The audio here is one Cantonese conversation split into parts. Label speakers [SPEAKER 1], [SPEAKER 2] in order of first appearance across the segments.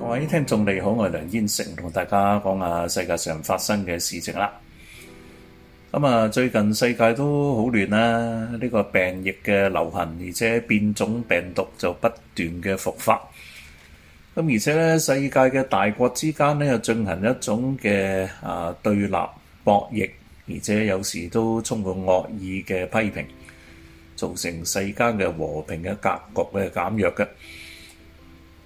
[SPEAKER 1] 各位聽眾你好，我係梁燕成，同大家講下世界上發生嘅事情啦。咁啊，最近世界都好亂啦，呢個病疫嘅流行，而且變種病毒就不斷嘅復發。咁而且咧，世界嘅大國之間咧又進行一種嘅啊對立博弈，而且有時都充滿惡意嘅批評，造成世間嘅和平嘅格局嘅減弱嘅。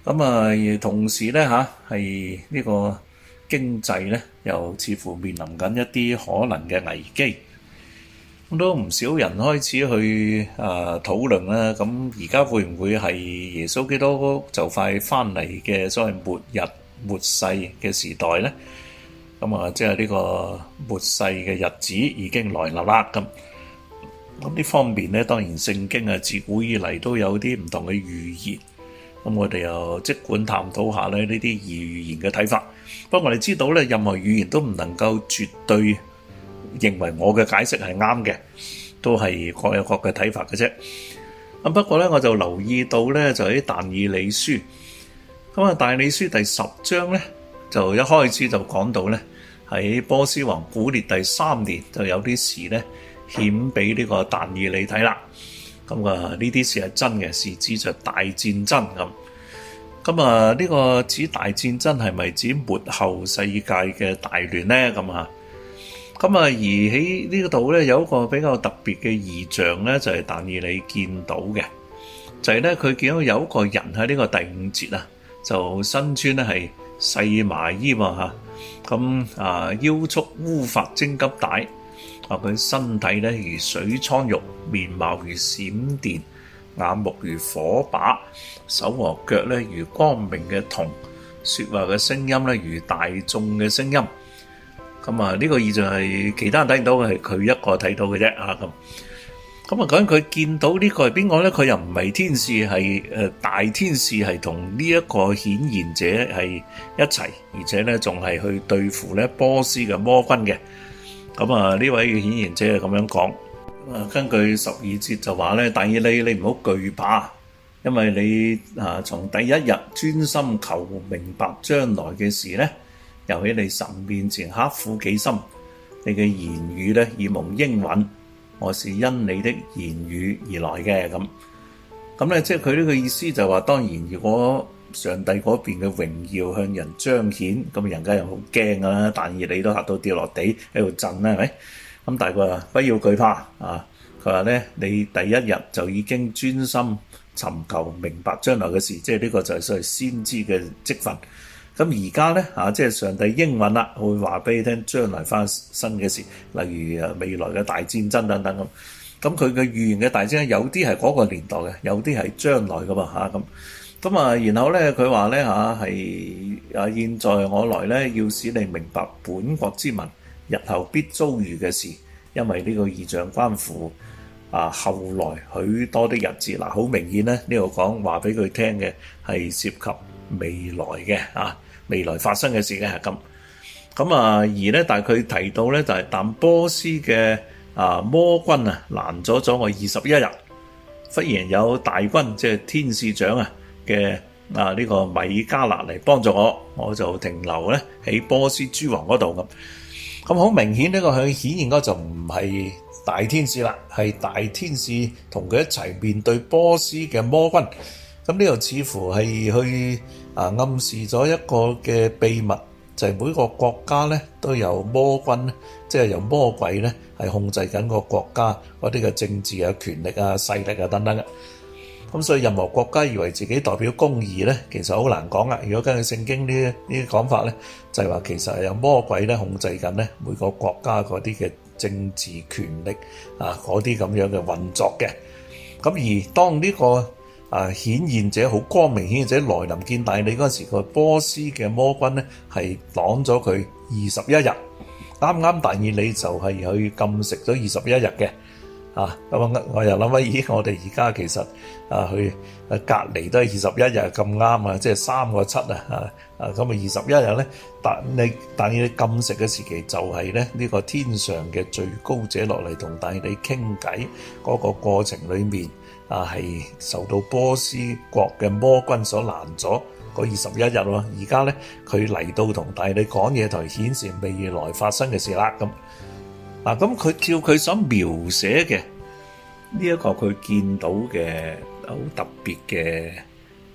[SPEAKER 1] 咁啊，同時咧吓，係啊呢個經濟咧，又似乎面臨緊一啲可能嘅危機。咁都唔少人開始去啊討論啦。咁而家會唔會係耶穌基督就快翻嚟嘅所謂末日末世嘅時代咧？咁啊，即係呢個末世嘅日子已經來啦啦。咁咁呢方面咧，當然聖經啊，自古以嚟都有啲唔同嘅預言。咁我哋又即管探討下咧呢啲語言嘅睇法。不過我哋知道咧，任何語言都唔能夠絕對認為我嘅解釋係啱嘅，都係各有各嘅睇法嘅啫。咁不過咧，我就留意到咧，就喺《但以理書》咁啊，《但以理書》第十章咧，就一開始就講到咧，喺波斯王古列第三年就有啲事咧，獻俾呢個但以理睇啦。咁啊，呢啲事係真嘅，事指着大戰爭咁。咁啊，呢個指大戰爭係咪指末後世界嘅大亂呢？咁啊，咁啊，而喺呢個度咧，有一個比較特別嘅異象咧，就係但以你見到嘅，就係咧佢見到有一個人喺呢個第五節啊，就身穿咧係細麻衣啊，咁啊，腰束烏法精金帶，啊佢身體咧如水蒼玉，面貌如閃電。眼目如火把，手和腳咧如光明嘅銅，說話嘅聲音咧如大眾嘅聲音。咁啊，呢個異象係其他人睇唔到嘅，係佢一個睇到嘅啫啊！咁，咁啊，究竟佢見到呢個係邊個咧？佢又唔係天使，係誒大天使，係同呢一個顯現者係一齊，而且咧仲係去對付咧波斯嘅魔君嘅。咁啊，呢位顯現者係咁樣講。根據十二節就話咧，但以理，你你唔好懼怕，因為你啊從第一日專心求明白將來嘅事咧，又喺你神面前刻苦己心，你嘅言語咧已蒙應允，我是因你的言語而來嘅咁。咁咧即係佢呢個意思就話，當然如果上帝嗰邊嘅榮耀向人彰顯，咁人家又好驚噶啦，但以理都嚇到跌落地喺度震啦，係咪？咁大概啊，不要懼怕啊！佢話咧，你第一日就已經專心尋求明白將來嘅事，即係呢個就係所謂先知嘅積分。咁而家咧嚇即係上帝英文啦，會話俾你聽將來發生嘅事，例如誒未來嘅大戰爭等等咁。咁佢嘅預言嘅大戰咧，有啲係嗰個年代嘅，有啲係將來噶嘛咁。咁啊，然後咧佢話咧嚇係啊，現在我來咧要使你明白本國之民。日後必遭遇嘅事，因為呢個異象關乎啊後來許多的日子，嗱、啊、好明顯咧，呢、呢個講話俾佢聽嘅係涉及未來嘅啊，未來發生嘅事、啊、呢係咁。咁啊而咧，但係佢提到咧就係、是，但波斯嘅啊魔君啊攔咗咗我二十一日，忽然有大軍即係天使長啊嘅啊呢個米迦勒嚟幫助我，我就停留咧喺波斯諸王嗰度咁。咁好明顯，呢個佢顯然嗰就唔係大天使啦，係大天使同佢一齊面對波斯嘅魔君。咁呢度似乎係去啊暗示咗一個嘅秘密，就係每個國家咧都有魔君，即係由魔鬼咧係控制緊個國家嗰啲嘅政治啊、權力啊、勢力啊等等嘅。咁所以任何國家以為自己代表公義咧，其實好難講啊！如果根據聖經呢啲呢啲講法咧，就係話其實係有魔鬼咧控制緊咧每個國家嗰啲嘅政治權力啊，嗰啲咁樣嘅運作嘅。咁而當呢個啊顯現者好光明顯現者來臨見大利嗰陣時，個波斯嘅魔軍咧係擋咗佢二十一日。啱啱但以理就係去禁食咗二十一日嘅。啊，咁我我又諗翻，咦，我哋而家其實啊，去啊隔離都係二十一日咁啱啊，即係三個七啊，啊啊咁啊二十一日咧，但你但係你禁食嘅時期就係咧呢個天上嘅最高者落嚟同大地傾偈嗰個過程裏面啊，係受到波斯國嘅魔君所攔咗個二十一日咯。而家咧佢嚟到同大地講嘢，就顯示未來發生嘅事啦咁。嗱，咁佢、啊、照佢所描寫嘅呢一個佢見到嘅好特別嘅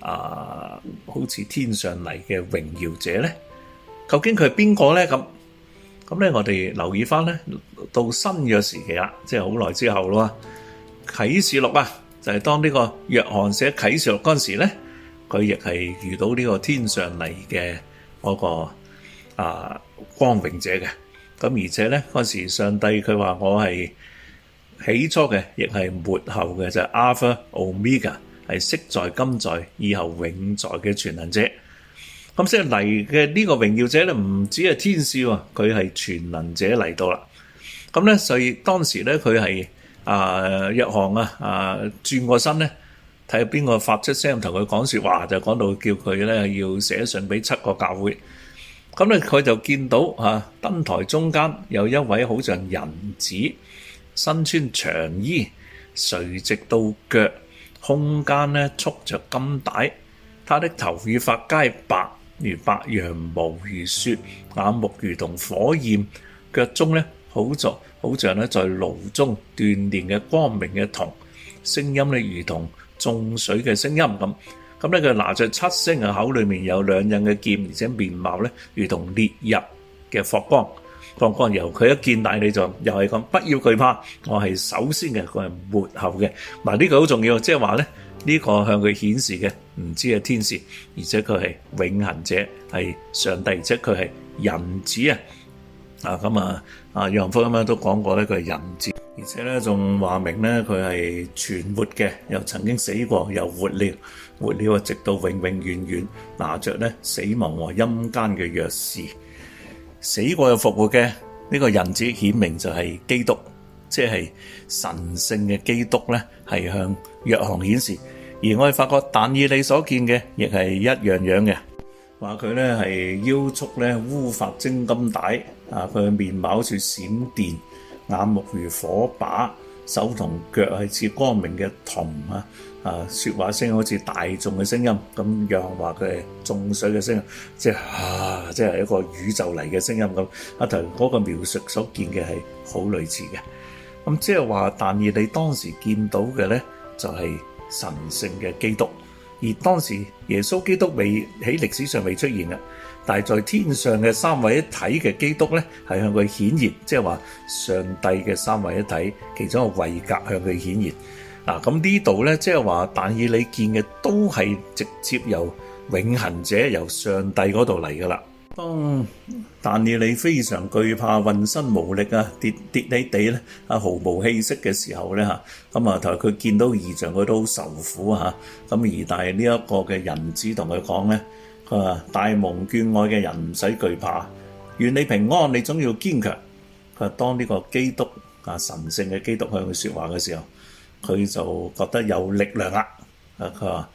[SPEAKER 1] 啊，好似天上嚟嘅榮耀者咧，究竟佢係邊個咧？咁咁咧，我哋留意翻咧，到新約時期啦，即係好耐之後啦，《啟示錄》啊，就係當呢個約翰寫《啟示錄》嗰陣時咧，佢亦係遇到呢個天上嚟嘅嗰個啊光榮者嘅。咁而且咧，嗰時，上帝佢話，我係起初嘅，亦係末後嘅，就係 Alpha Omega，係昔在今在，以後永在嘅全能者。咁即係嚟嘅呢個榮耀者咧，唔止係天使啊，佢係全能者嚟到啦。咁咧，所以當時咧佢係啊，約翰啊啊，轉過身咧睇下邊個發出聲同佢講説話，就講到叫佢咧要寫信俾七個教會。咁咧，佢就見到、啊、燈台中間有一位好像人子，身穿長衣，垂直到腳，胸間咧束着金帶，他的頭與髮皆白，如白羊毛如雪，眼目如同火焰，腳中咧好著好像咧在爐中鍛鍊嘅光明嘅銅，聲音咧如同眾水嘅聲音咁。咁咧，佢拿着七星嘅口，裏面有兩刃嘅劍，而且面貌咧，如同烈日嘅霍光，霍光，光由佢一見大你就又係咁，不要懼怕，我係首先嘅，佢係末後嘅。嗱、啊，呢、這個好重要，即係話咧，呢、這個向佢顯示嘅唔知係天使，而且佢係永恒者，係上帝，即係佢係人子啊！啊，咁啊，啊楊福咁樣都講過咧，佢係人子而且咧仲話明咧佢係存活嘅，又曾經死過，又活了。活了，直到永永遠遠，拿着咧死亡和陰間嘅鑰匙，死過又復活嘅呢個人子顯明就係基督，即係神聖嘅基督咧，係向約翰顯示。而我哋發覺，但以理所見嘅，亦係一樣樣嘅，話佢咧係腰束咧烏發精金帶，啊佢嘅面貌好似閃電，眼目如火把，手同腳係似光明嘅銅啊！啊！說話聲好似大眾嘅聲音咁樣，話佢係眾水嘅聲音，即係啊，即係一個宇宙嚟嘅聲音咁。阿頭嗰個描述所見嘅係好類似嘅。咁、嗯、即係話，但以你當時見到嘅咧，就係、是、神聖嘅基督。而當時耶穌基督未喺歷史上未出現嘅，但係在天上嘅三位一體嘅基督咧，係向佢顯現，即係話上帝嘅三位一體其中一個位格向佢顯現。嗱，咁、啊、呢度咧，即係話但以你見嘅都係直接由永恆者由上帝嗰度嚟噶啦。當、嗯、但以你非常懼怕，渾身無力啊，跌跌你地咧，啊，毫無氣息嘅時候咧，咁啊，同埋佢見到異象，佢都好受苦啊。咁、啊、而但係呢一個嘅人子同佢講咧，佢話大蒙眷愛嘅人唔使懼怕，願你平安，你總要堅強。佢、啊、當呢個基督啊，神聖嘅基督向佢説話嘅時候。佢就覺得有力量啦，佢話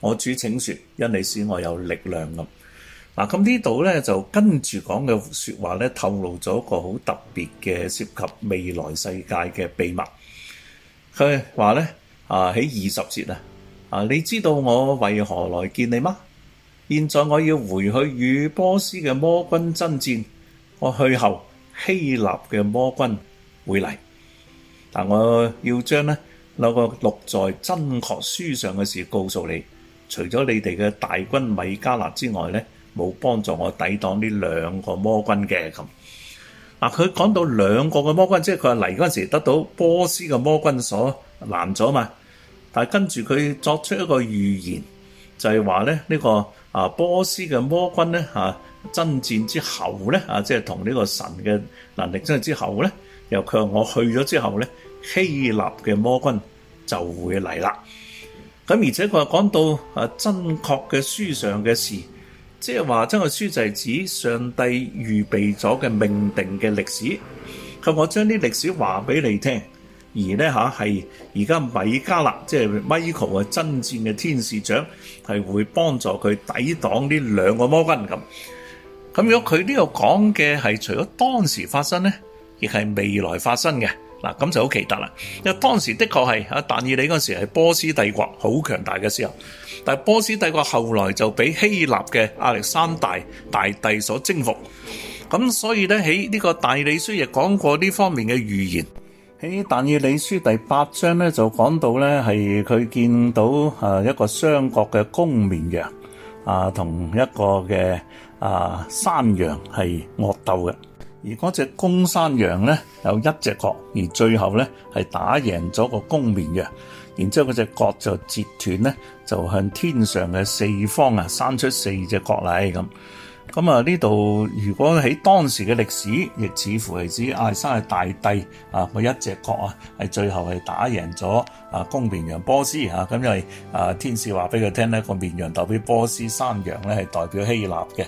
[SPEAKER 1] 我主請說，因你使我有力量咁。嗱、啊，咁呢度咧就跟住講嘅說話咧，透露咗一個好特別嘅涉及未來世界嘅秘密。佢話咧：啊，喺二十節啊，啊，你知道我為何來見你嗎？現在我要回去與波斯嘅魔君爭戰，我去後希臘嘅魔君會嚟，但、啊、我要將咧。有個錄在真確書上嘅事，告訴你，除咗你哋嘅大軍米迦勒之外咧，冇幫助我抵擋呢兩個魔君嘅咁。嗱、啊，佢講到兩個嘅魔君，即係佢嚟嗰陣時候得到波斯嘅魔君所攔咗嘛。但係跟住佢作出一個預言，就係話咧呢、這個啊波斯嘅魔君咧啊，爭戰之後咧啊，即係同呢個神嘅能力真係之後咧，又佢話我去咗之後咧。希臘嘅魔君就會嚟啦。咁而且佢係講到啊，真確嘅書上嘅事，即係話真嘅書就係指上帝預備咗嘅命定嘅歷史。咁我將啲歷史話俾你聽。而呢嚇係而家米迦勒即係、就是、Michael 嘅真戰嘅天使長，係會幫助佢抵擋呢兩個魔君咁。咁如果佢呢度講嘅係除咗當時發生呢，亦係未來發生嘅。嗱，咁就好奇特啦，因為當時的確係阿但以理嗰陣時係波斯帝國好強大嘅時候，但波斯帝國後來就俾希臘嘅亞歷山大大帝所征服，咁所以咧喺呢個《但以理書》亦講過呢方面嘅預言。喺《但以理書》第八章咧就講到咧係佢見到啊一個雙角嘅公綿羊啊同一個嘅啊山羊係惡鬥嘅。而嗰隻公山羊呢，有一隻角，而最後呢，係打贏咗個公綿羊，然之後嗰隻角就截斷呢，就向天上嘅四方啊生出四隻角嚟咁。咁啊呢度如果喺當時嘅歷史，亦似乎係指艾山系大帝啊，佢一隻角啊，係最後係打贏咗啊公綿羊波斯吓咁、啊、因為啊天使話俾佢聽咧，個綿羊代表波斯山羊咧，係代表希臘嘅。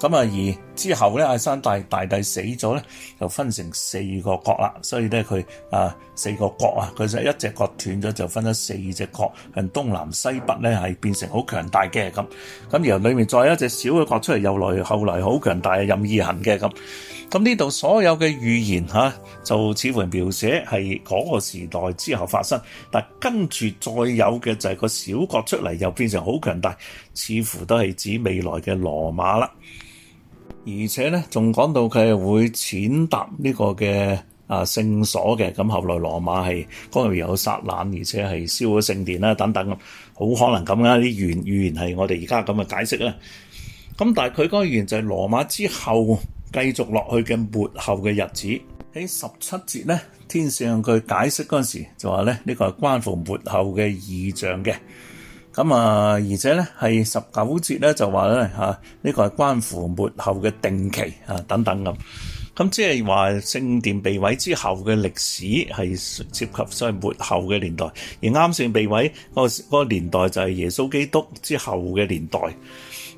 [SPEAKER 1] 咁、嗯、啊而之後咧，艾山大大帝死咗咧，就分成四個角啦。所以咧佢啊四個角啊，佢就一隻角斷咗就分咗四隻角，向東南西北咧係變成好強大嘅咁。咁然後裏面再有一隻小嘅角出嚟又來後來好強大任意行嘅咁，咁呢度所有嘅預言吓，就似乎描寫係嗰個時代之後發生，但跟住再有嘅就係個小國出嚟又變成好強大，似乎都係指未來嘅羅馬啦。而且咧，仲講到佢係會踐踏呢個嘅啊聖所嘅，咁後來羅馬係嗰度有殺難，而且係燒咗聖殿啦等等，好可能咁樣啲原預言係我哋而家咁嘅解釋啦。咁但係佢嗰個言就係羅馬之後繼續落去嘅末後嘅日子。喺十七節咧，天使佢解釋嗰陣時就話咧，呢、呢個係關乎末後嘅異象嘅。咁啊，而且咧係十九節咧就話咧吓，呢、啊呢個係關乎末後嘅定期啊等等咁。咁、啊、即係話聖殿被毀之後嘅歷史係涉及所謂末後嘅年代，而啱先被毀嗰個個年代就係耶穌基督之後嘅年代。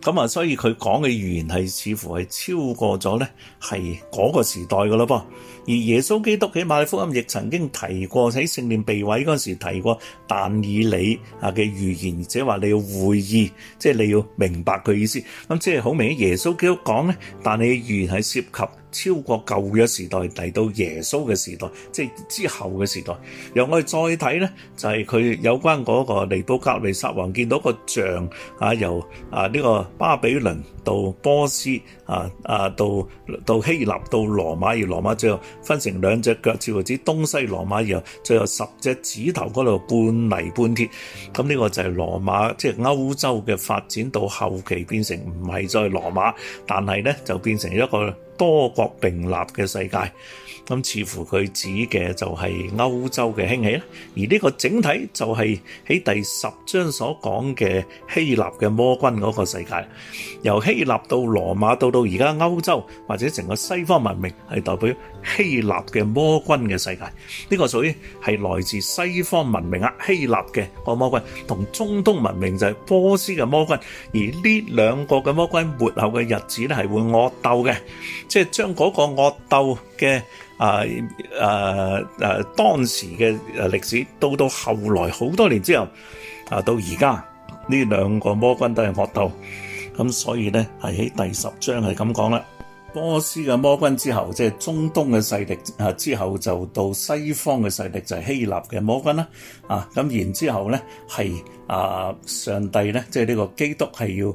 [SPEAKER 1] 咁啊、嗯，所以佢講嘅語言係似乎係超過咗咧，係嗰個時代㗎咯噃。而耶穌基督喺馬可福音亦曾經提過喺聖殿被毀嗰時提過，但以理啊嘅預言，即係話你要會意，即係你要明白佢意思。咁、嗯、即係好明顯，耶穌基督講咧，但你嘅預言係涉及。超過舊嘅時代嚟到耶穌嘅時代，即係之後嘅時代。由我哋再睇咧，就係、是、佢有關嗰個尼布甲尼撒王見到個像，啊，由啊呢、這個巴比倫到波斯啊啊，到到希臘到羅馬，而羅馬最後分成兩隻腳，即係指東西羅馬以，然後最後十隻指頭嗰度半泥半鐵。咁、嗯、呢、這個就係羅馬即係歐洲嘅發展到後期變成唔係再羅馬，但係咧就變成一個。多國並立嘅世界，咁似乎佢指嘅就係歐洲嘅興起啦。而呢個整體就係喺第十章所講嘅希臘嘅魔君嗰個世界，由希臘到羅馬到到而家歐洲或者成個西方文明，係代表希臘嘅魔君嘅世界。呢個屬於係來自西方文明啊，希臘嘅個魔君同中東文明就係波斯嘅魔君，而呢兩個嘅魔君末後嘅日子咧係會惡鬥嘅。即係將嗰個惡鬥嘅，啊啊啊當時嘅歷史，到到後來好多年之後，啊到而家呢兩個魔君都係惡鬥，咁所以咧係喺第十章係咁講啦。波斯嘅魔君之後，即係中東嘅勢力啊，之後就到西方嘅勢力就係希臘嘅魔君啦。啊，咁然之後咧係啊上帝咧，即係呢個基督係要。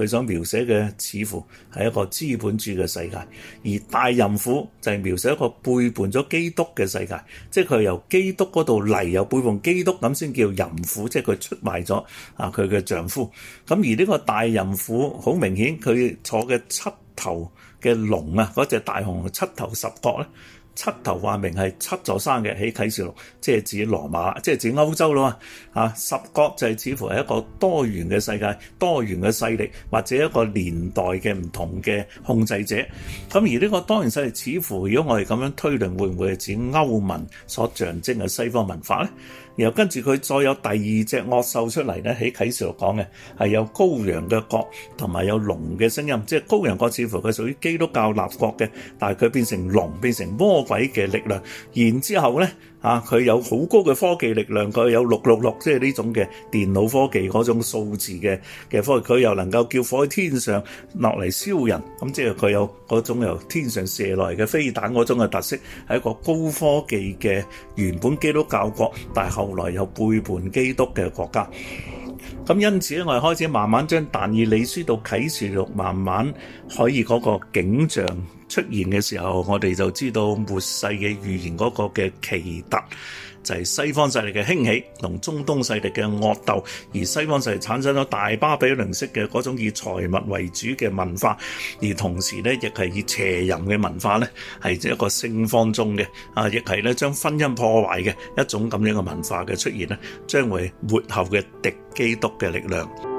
[SPEAKER 1] 佢所描寫嘅似乎係一個資本主義嘅世界，而大淫婦就係描寫一個背叛咗基督嘅世界，即係佢由基督嗰度嚟，又背叛基督咁先叫淫婦，即係佢出賣咗啊佢嘅丈夫。咁而呢個大淫婦好明顯，佢坐嘅七頭嘅龍啊，嗰隻大雄，七頭十角咧。七頭話明係七座山嘅，喺啟示錄，即係指羅馬，即係指歐洲啦啊，十國就係似乎係一個多元嘅世界，多元嘅勢力或者一個年代嘅唔同嘅控制者。咁而呢個多元勢力似乎如果我哋咁樣推論，會唔會係指歐盟所象徵嘅西方文化咧？然後跟住佢再有第二隻惡獸出嚟咧，喺啟示錄度講嘅係有羔羊嘅角，同埋有龍嘅聲音，即係羔羊角似乎佢屬於基督教立國嘅，但係佢變成龍，變成魔鬼嘅力量。然之後咧。啊！佢有好高嘅科技力量，佢有六六六，即係呢種嘅電腦科技嗰種數字嘅嘅科技，佢又能夠叫火喺天上落嚟燒人，咁即係佢有嗰種由天上射來嘅飛彈嗰種嘅特色，係一個高科技嘅原本基督教國，但係後來又背叛基督嘅國家。咁因此咧，我哋開始慢慢將但以理書到啟示錄慢慢可以嗰個景象出現嘅時候，我哋就知道末世嘅預言嗰個嘅奇特，就係西方勢力嘅興起同中東勢力嘅惡鬥，而西方勢力產生咗大巴比倫式嘅嗰種以財物為主嘅文化，而同時咧亦係以邪淫嘅文化咧，係一個性放縱嘅啊，亦係咧將婚姻破壞嘅一種咁樣嘅文化嘅出現咧，將會末後嘅敵基督嘅力量。